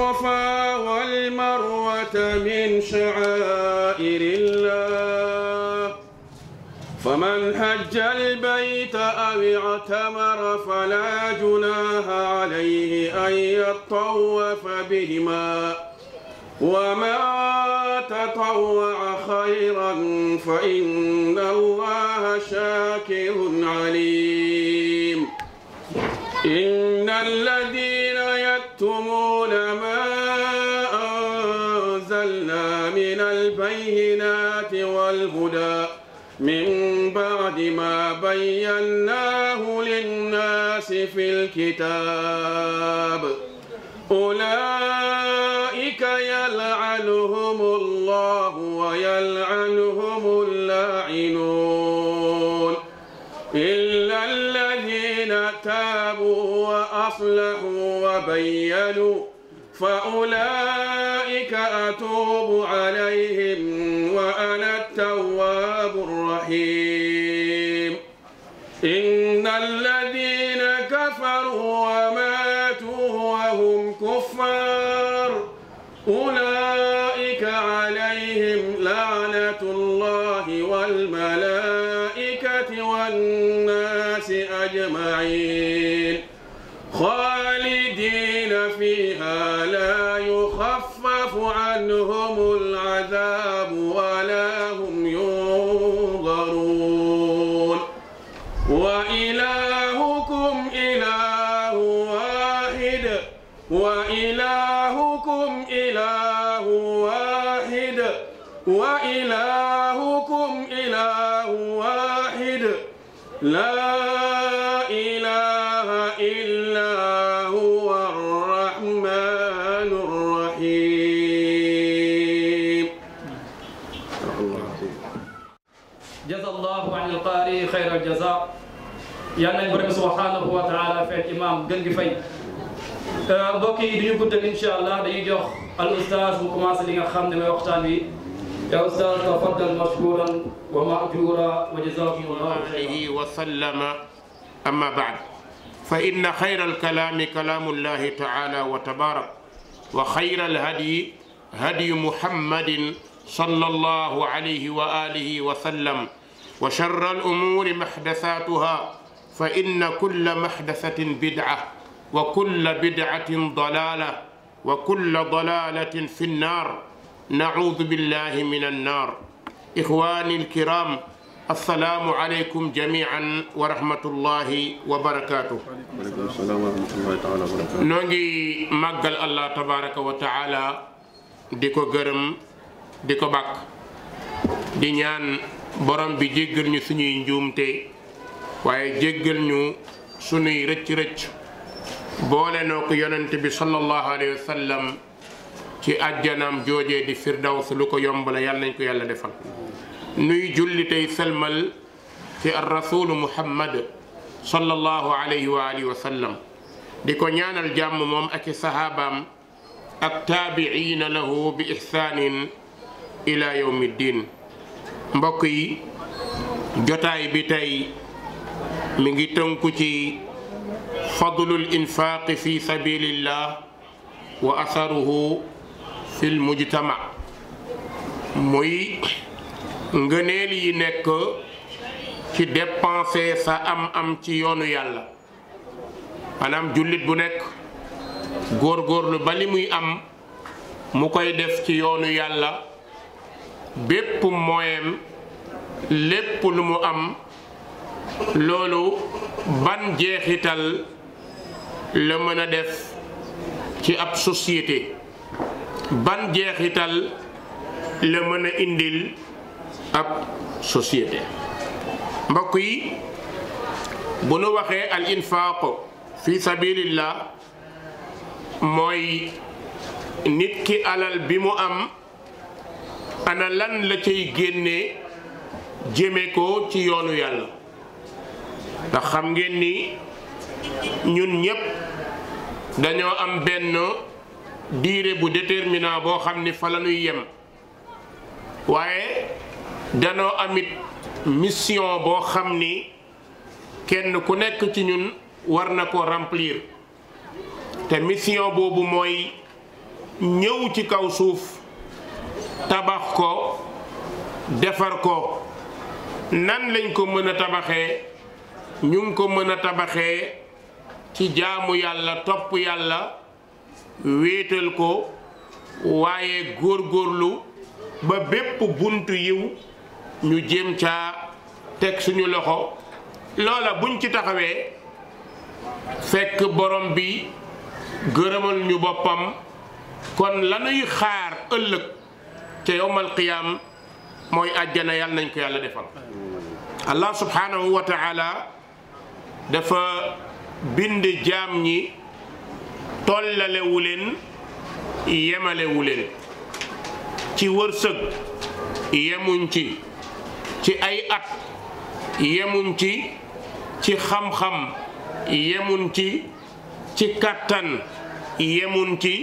الصفا والمروة من شعائر الله فمن حج البيت أو اعتمر فلا جناح عليه أن يطوف بهما وما تطوع خيرا فإن الله شاكر عليم إن الذين يكتمون ما ما بيناه للناس في الكتاب أولئك يلعنهم الله ويلعنهم اللاعنون إلا الذين تابوا وأصلحوا وبينوا فأولئك أتوب عليهم وأنا التواب الرحيم الكفار أولئك عليهم لعنة الله والملائكة والناس أجمعين خالد wa ilahukum ilahu wahid la ilaha illa huwa arrahmanu arrahim jazallahu an alqari xayra aljaza yal nañ borom subhanahu wa taala fekk imam gën gi fay euh, mbokk yi du ñu guddal incha allah dañuy jox al ustaas mu commencé li nga xam ne mooy waxtaan wi يا أستاذ تفضل مشكورا ومأجورا وجزاكم الله خيرا وسلم أما بعد فإن خير الكلام كلام الله تعالى وتبارك وخير الهدي هدي محمد صلى الله عليه وآله وسلم وشر الأمور محدثاتها فإن كل محدثة بدعة وكل بدعة ضلالة وكل ضلالة في النار naudu billahi min annar ixwani alkiram ngi màggal allah tabaraka wa taala di ko gërëm di ko bàkk di ñaan borom bi jéggal ñu suñuy njuumte waaye jéggal ñu suñuy rëcc-rëcc boole noo ko yonent bi sallallahu alayhi wa sallam ci àjjanaam joojee di firdaws lu ko yomb la nañ ko yàlla defal nuy julli tey sëlmal ci muhammad sallallahu alayhi wa alihi wa sallam di ko ñaanal jàmm moom ak i sahaabaam ak taabiina lahu bi ihsaanin ila yawmi ddin mbokk yi jotaay bi tey mi ngi tënku ci fadlul infaaqi fi sabilillah wa asaruhu fil mujtama muy ngëneel yi nekk ci dépenser sa am-am ci yoonu yàlla maanaam jullit bu nekk góorgóorlu ba li muy am mu koy def ci yoonu yàlla bépp moyen lépp lu mu am loolu ban jeexital la mën a def ci ab société ban jeexital la mën a indil ab société mbokk yi bu nu waxee al infaaq fi sabilillah mooy nit ki alal bi mu am ana lan la ciy génnee jëme ko ci yoonu yàlla ndax xam ngeen ni ñun ñépp dañoo am benn durée bu déterminant boo xam ni fa la ñuy yem waaye danoo amit mission boo xam ni kenn ku nekk ci ñun war na ko remplir te mission boobu mooy ñëw ci kaw suuf tabax ko defar ko nan lañ ko mën a tabaxee ñu ngi ko mën a tabaxee ci jaamu yàlla topp yàlla wéetal ko waaye góor góorlu ba bépp bunt yiw ñu jéem ca teg suñu loxo loola buñ ci taxawee fekk borom bi gërëmal ñu boppam kon lanuy xaar ëllëg ca yowmal qiyaam mooy àjjana yàlla nañ ko yàlla defal allah subhanahu wa dafa bind jaam ñi tollalewu leen yemalewu leen ci wërsëg yemuñ ci ci ay at yemuñ ci ci xam-xam yemuñ ci ci kàttan yemuñ ci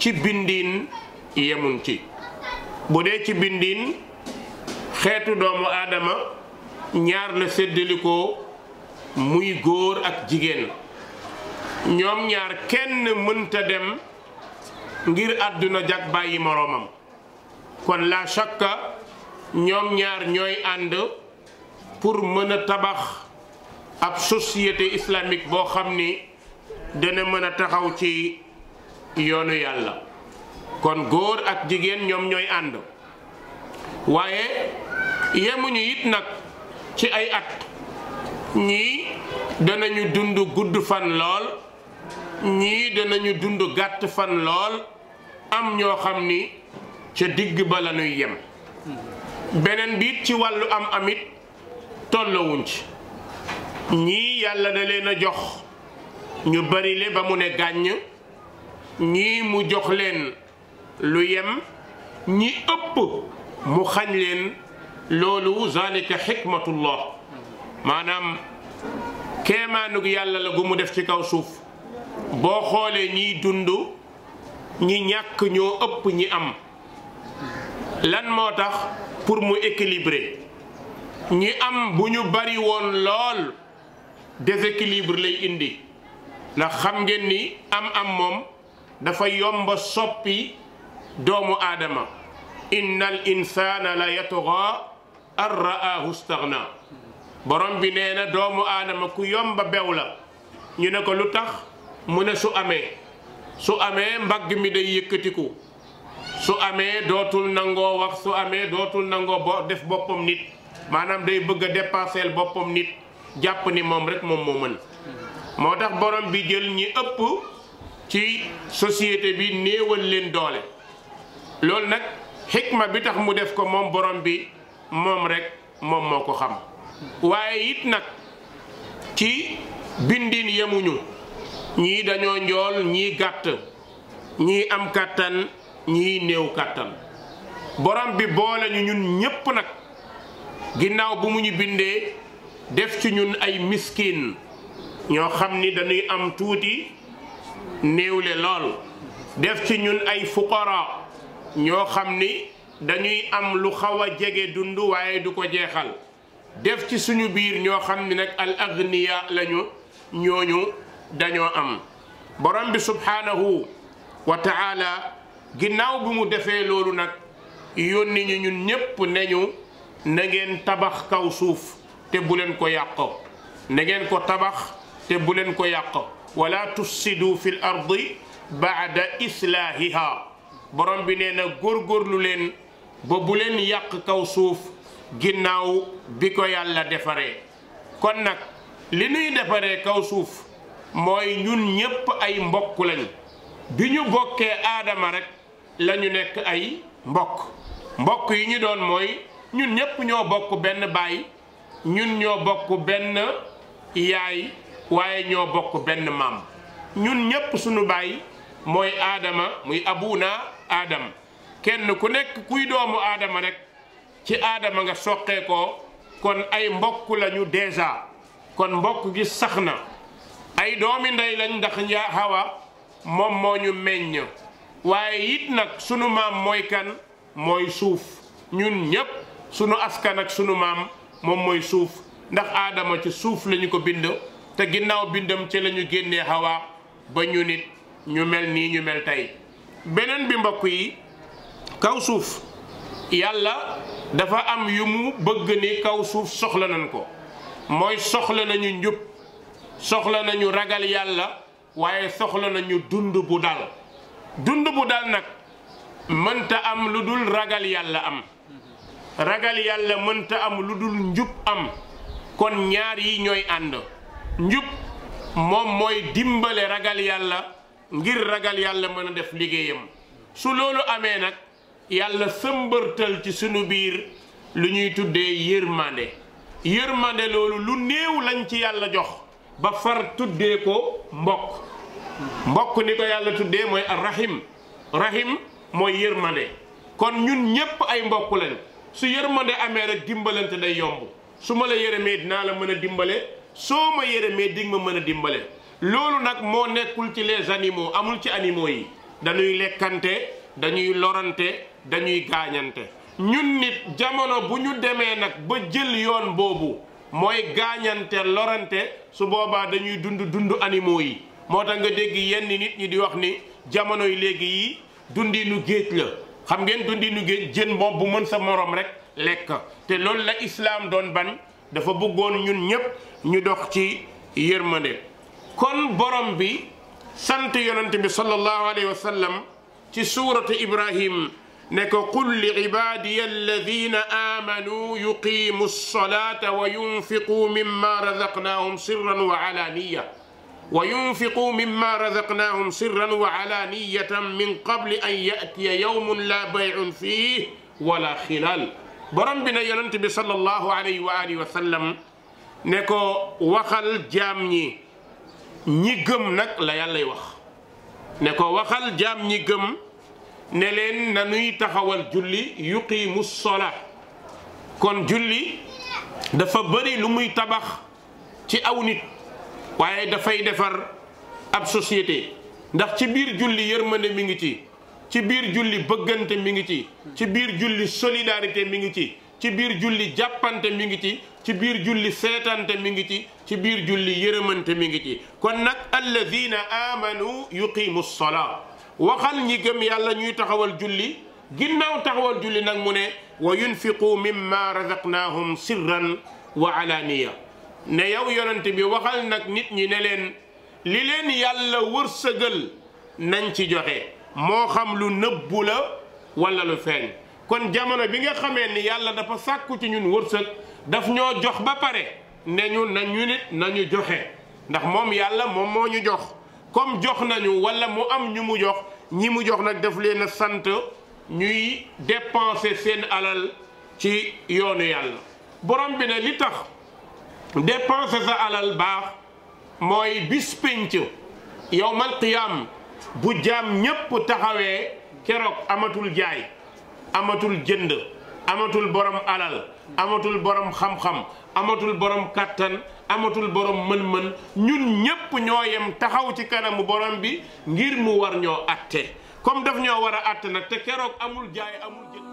ci bindiin yemuñ ci bu dee ci bindiin xeetu doomu aadama ñaar la séddalikoo muy góor ak jigéen ñoom ñaar kenn mënta dem ngir àdduna jag bàyyi moroomam kon la shakka ñoom ñaar ñooy ànd pour mën a tabax ab société islamique boo xam ni dana mën a taxaw ci yoonu yàlla kon góor ak jigéen ñoom ñooy ànd waaye yemuñu it nag ci ay at ñii danañu dund gudd fan lool ñii danañu dund gàtt fan lool am ñoo xam ni ca digg ba la yem beneen biit ci wàllu am amit tollowuñ ci ñii yàlla na leen a jox ñu bari le ba mu ne gàññ ñii mu jox leen lu yem ñi ëpp mu xañ leen loolu zalika xikmatullah maanaam keemaanug yàlla la gu mu def ci kaw suuf boo xoolee ñiy dund ñi ñàkk ñoo ëpp ñi am lan moo tax pour mu équilibrer ñi am bu ñu bari woon lool déséquilibre lay indi ndax xam ngeen ni am-am moom dafa yomba soppi doomu aadama inna al insana la yatgha an ra'ahu staghna borom bi nee na doomu aadama ku yomba bew la ñu ne ko lu tax mu ne su amee su amee mbagg mi day yëkkatiku su amee dootul nangoo wax su amee dootul nangoo bo def boppam nit maanaam day bëgg a dépasser boppam nit jàpp ni moom rek moom moo mën moo tax borom bi jël ñi ëpp ci société bi néewal leen doole loolu nag xikma bi tax mu def ko moom borom bi moom rek moom moo ko xam waaye it nag ci bindin yemuñu ñii dañoo njool ñii gàtt ñii am kàttan ñii néew kàttan borom bi boole ñu ñun ñépp nag ginnaaw bu mu ñu bindee def ci ñun ay miskin ñoo xam ni dañuy am tuuti néewle lool def ci ñun ay fuqara ñoo xam ni dañuy am lu xaw a jege dund waaye du ko jeexal def ci suñu biir ñoo xam ni nag al agniya lañu ñooñu dañoo am borom bi subhaanahu wa taala ginnaaw bi mu defee loolu nag yónni ñu ñun ñépp ne ñu na ngeen tabax kaw suuf te bu leen ko yàq na ngeen ko tabax te bu leen ko yàq wala tufsidu fil ardi baada islaahiha borom bi nee na góorgóorlu leen ba bu leen yàq kaw suuf ginnaaw bi ko yàlla defaree kon nag li nuy defaree kaw suuf mooy ñun ñépp ay mbokk lañu bi ñu bokkee aadama rek lañu nekk ay mbokk mbokk yi ñu doon mooy ñun ñépp ñoo bokk benn baay ñun ñoo bokk benn yaay waaye ñoo bokk benn maam ñun ñépp suñu baay mooy aadama muy abuna aadama kenn ku nekk kuy doomu aadama rek ci aadama nga soqee ko kon ay mbokk lañu déjà kon mbokk gi sax na ay doomi ndey lañ ndax njaa Hawa moom moo ñu meññ waaye it nag sunu maam mooy kan mooy suuf ñun ñépp sunu askan ak sunu maam moom mooy suuf ndax aadama ci suuf lañu ko bind te ginnaaw bindam ci lañu ñu génnee Hawa ba ñu nit ñu mel nii ñu mel tey beneen bi mbokk yi kaw suuf yàlla dafa am yu mu bëgg ni kaw suuf soxla nañ ko mooy soxla nañu njub soxla nañu ragal yàlla waaye soxla nañu dund bu dal dund bu dal nag mënta am lu dul ragal yàlla am ragal yàlla mënta am lu dul njub am kon ñaar yi ñooy ànd njub moom mooy dimbale ragal yàlla ngir ragal yàlla mën a def liggéeyam su loolu amee nag yàlla sëmbërtal ci sunu biir lu ñuy tudde yërmande yërmande loolu lu néew lañ ci yàlla jox ba far tuddee ko mbokk mbokk ni ko yàlla tuddee mooy rahim rahim mooy yërmande kon ñun ñépp ay mbokk lañ su yërmande amee rek dimbalante day yomb su ma la yërëmee dinaa la mën a dimbale soo ma yërëmee dig ma mën a dimbale loolu nag moo nekkul ci les animo amul ci animo yi dañuy lekkante dañuy lorante dañuy gaañante ñun nit jamono bu ñu demee nag ba jël yoon boobu mooy gaañante lorante su boobaa dañuy dund dund animaux yi moo tax nga dégg yenn nit ñi di wax ni jamono yi léegi yii géej la xam ngeen dundinu géej jën moom bu mën sa morom rek lekk te loolu la islaam doon bañ dafa bëggoon ñun ñépp ñu dox ci yërmande kon borom bi sant yonent bi sallallahu alayhi wa sallam ci suuratu Ibrahim ne ko qul li ibaadiya alladina aamanu yuqiimu alsolata wa yunfiquu mimma razaqnaahum sirran wa alaaniya wa yunfiquu mimma razaqnaahum sirran wa alaaniyatan min qabli an yatiya yawmun laa bay'un fiih wala xilaal borom bi ne yonent bi sallallahu alayhi wa alihi wa sallam ne ko waxal jaam ñi ñi gëm nag la yàllay wax ne ko waxal jaam ñi gëm ne leen nanuy taxawal julli yuqiimu sola kon julli dafa bëri lu muy tabax ci aw nit waaye dafay defar ab société ndax ci biir julli yërmande mi ngi ci ci biir julli bëggante mi ngi ci ci biir julli solidarité mi ngi ci ci biir julli jàppante mi ngi ci ci biir julli seetante mi ngi ci ci biir julli yërëmante mi ngi ci kon nag alladina amanu yuqiimu sola waxal ñi gëm yàlla ñuy taxawal julli ginnaaw taxawal julli nag mu ne wa yunfiqu mimma razaqnaahum sirran wa alaaniya ne yow yonent bi waxal nag nit ñi ne leen li leen yàlla wërsëgal nañ ci joxe moo xam lu nëbbu la wala lu feeñ kon jamono bi nga xamee ni yàlla dafa sàkku ci ñun wërsëg daf ñoo jox ba pare ne ñun na ñu nit nañu joxe ndax moom yàlla moom moo ñu jox comme jox nañu wala mu am ñu mu jox ñi mu jox nag def leen a sant ñuy dépenser seen alal ci yoonu yàlla borom bi ne li tax dépenser sa alal baax mooy bis yow yowmal qiyaam bu jaam ñépp taxawee keroog amatul jaay amatul jënd amatul borom alal amatul borom xam-xam amatul borom kàttan amatul borom mën-mën ñun ñépp ñoo yem taxaw ci kanamu borom bi ngir mu war ñoo atte comme daf ñoo war a atte nag te keroog amul jaay amul jë